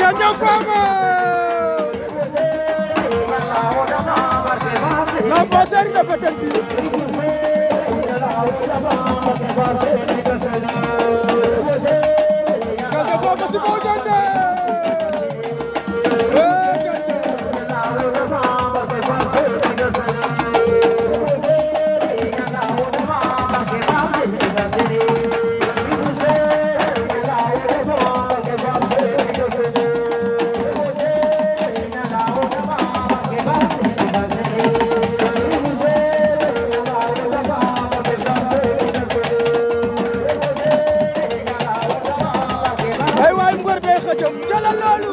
Gandiaw Fama non boo seetlu nga bëgg a ay waay mbër day xëcëm jëlal loolu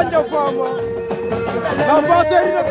kanja fama Bamba seri na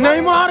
Neymar. Neymar.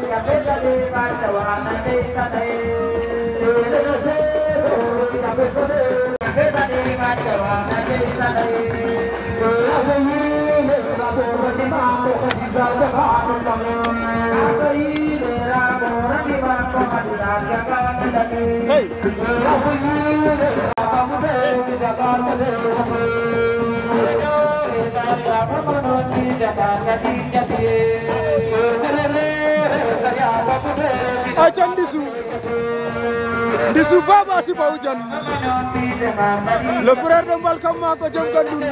Hey! aca Ndisu Ndisu baba si bawu jan le frère de Mbalkam maa ko jëm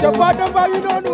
Japan, you don't know.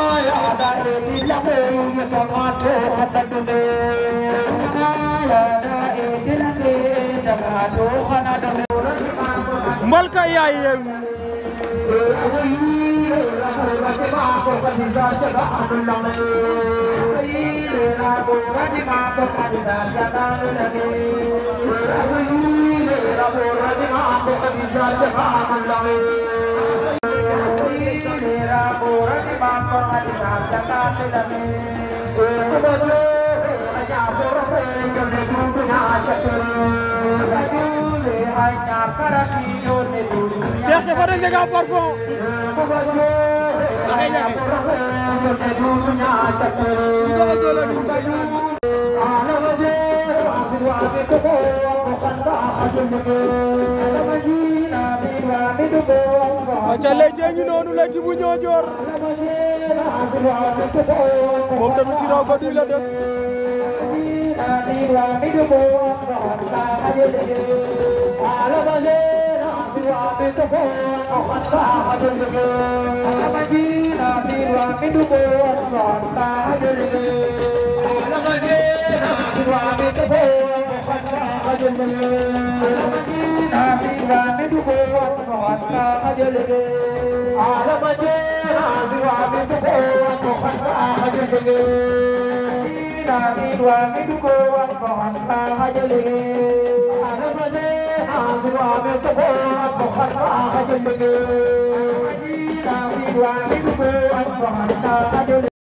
Malka कीज़ा जॻह बाप Dex dafa doon njëkk a parfum. Ndax ay jafe. Aca lay jëñu noonu la ci bu ñoo joor. moom tamit si raw gadu yi la def على مجيء dukowan kohan hajale ina midwa midukowan kohan hajale arabade hazwa midukowan kohan hajale ina midwa midukowan kohan hajale